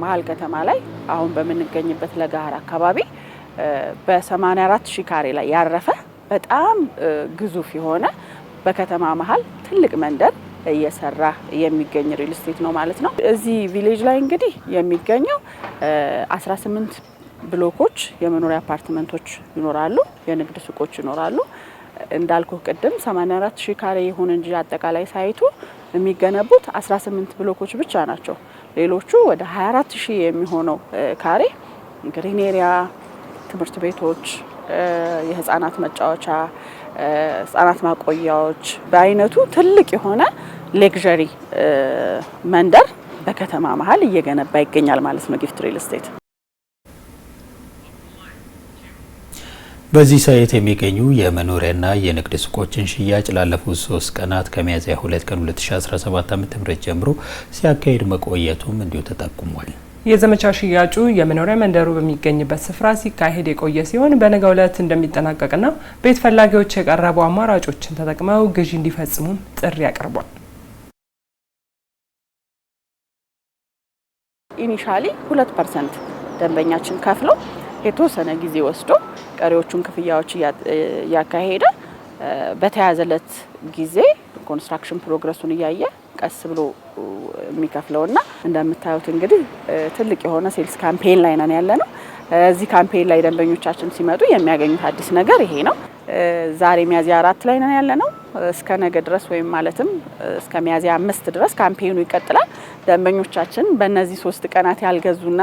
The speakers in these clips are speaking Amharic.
መሀል ከተማ ላይ አሁን በምንገኝበት ለገሃር አካባቢ በ84 ሺ ካሬ ላይ ያረፈ በጣም ግዙፍ የሆነ በከተማ መሀል ትልቅ መንደር እየሰራ የሚገኝ ሪል ስቴት ነው ማለት ነው። እዚህ ቪሌጅ ላይ እንግዲህ የሚገኘው 18 ብሎኮች የመኖሪያ አፓርትመንቶች ይኖራሉ፣ የንግድ ሱቆች ይኖራሉ። እንዳልኩ ቅድም 84 ሺህ ካሬ ይሁን እንጂ አጠቃላይ ሳይቱ የሚገነቡት 18 ብሎኮች ብቻ ናቸው። ሌሎቹ ወደ 24 ሺህ የሚሆነው ካሬ ግሪን ኤሪያ፣ ትምህርት ቤቶች፣ የህፃናት መጫወቻ፣ ህፃናት ማቆያዎች በአይነቱ ትልቅ የሆነ ሌክዠሪ መንደር በከተማ መሀል እየገነባ ይገኛል ማለት ነው ጊፍት ሪል ስቴት። በዚህ ሳይት የሚገኙ የመኖሪያና የንግድ ሱቆችን ሽያጭ ላለፉት ሶስት ቀናት ከሚያዝያ 2 ቀን 2017 ዓ.ም ጀምሮ ሲያካሄድ መቆየቱም እንዲሁ ተጠቁሟል። የዘመቻ ሽያጩ የመኖሪያ መንደሩ በሚገኝበት ስፍራ ሲካሄድ የቆየ ሲሆን በነገው ዕለት እንደሚጠናቀቅና ቤት ፈላጊዎች የቀረቡ አማራጮችን ተጠቅመው ግዢ እንዲፈጽሙም ጥሪ አቅርቧል። ኢኒሻሊ ሁለት ፐርሰንት ደንበኛችን ከፍለው የተወሰነ ጊዜ ወስዶ ቀሪዎቹን ክፍያዎች እያካሄደ በተያዘለት ጊዜ ኮንስትራክሽን ፕሮግረሱን እያየ ቀስ ብሎ የሚከፍለውና እንደምታዩት እንግዲህ ትልቅ የሆነ ሴልስ ካምፔን ላይ ነን ያለ ነው። እዚህ ካምፔን ላይ ደንበኞቻችን ሲመጡ የሚያገኙት አዲስ ነገር ይሄ ነው። ዛሬ ሚያዝያ አራት ላይ ነን ያለ ነው። እስከ ነገ ድረስ ወይም ማለትም እስከ ሚያዝያ አምስት ድረስ ካምፔኑ ይቀጥላል። ደንበኞቻችን በእነዚህ ሶስት ቀናት ያልገዙና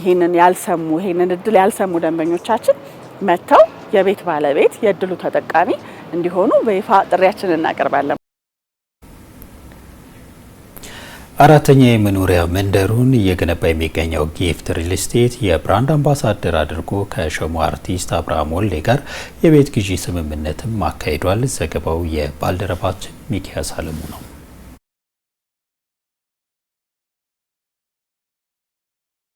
ይህንን ያልሰሙ ይህንን እድል ያልሰሙ ደንበኞቻችን መጥተው የቤት ባለቤት የእድሉ ተጠቃሚ እንዲሆኑ በይፋ ጥሪያችንን እናቀርባለን። አራተኛ የመኖሪያ መንደሩን እየገነባ የሚገኘው ጊፍት ሪል ስቴት የብራንድ አምባሳደር አድርጎ ከሸሞ አርቲስት አብርሃም ወልዴ ጋር የቤት ግዢ ስምምነትም አካሂዷል። ዘገባው የባልደረባችን ሚኪያስ አለሙ ነው።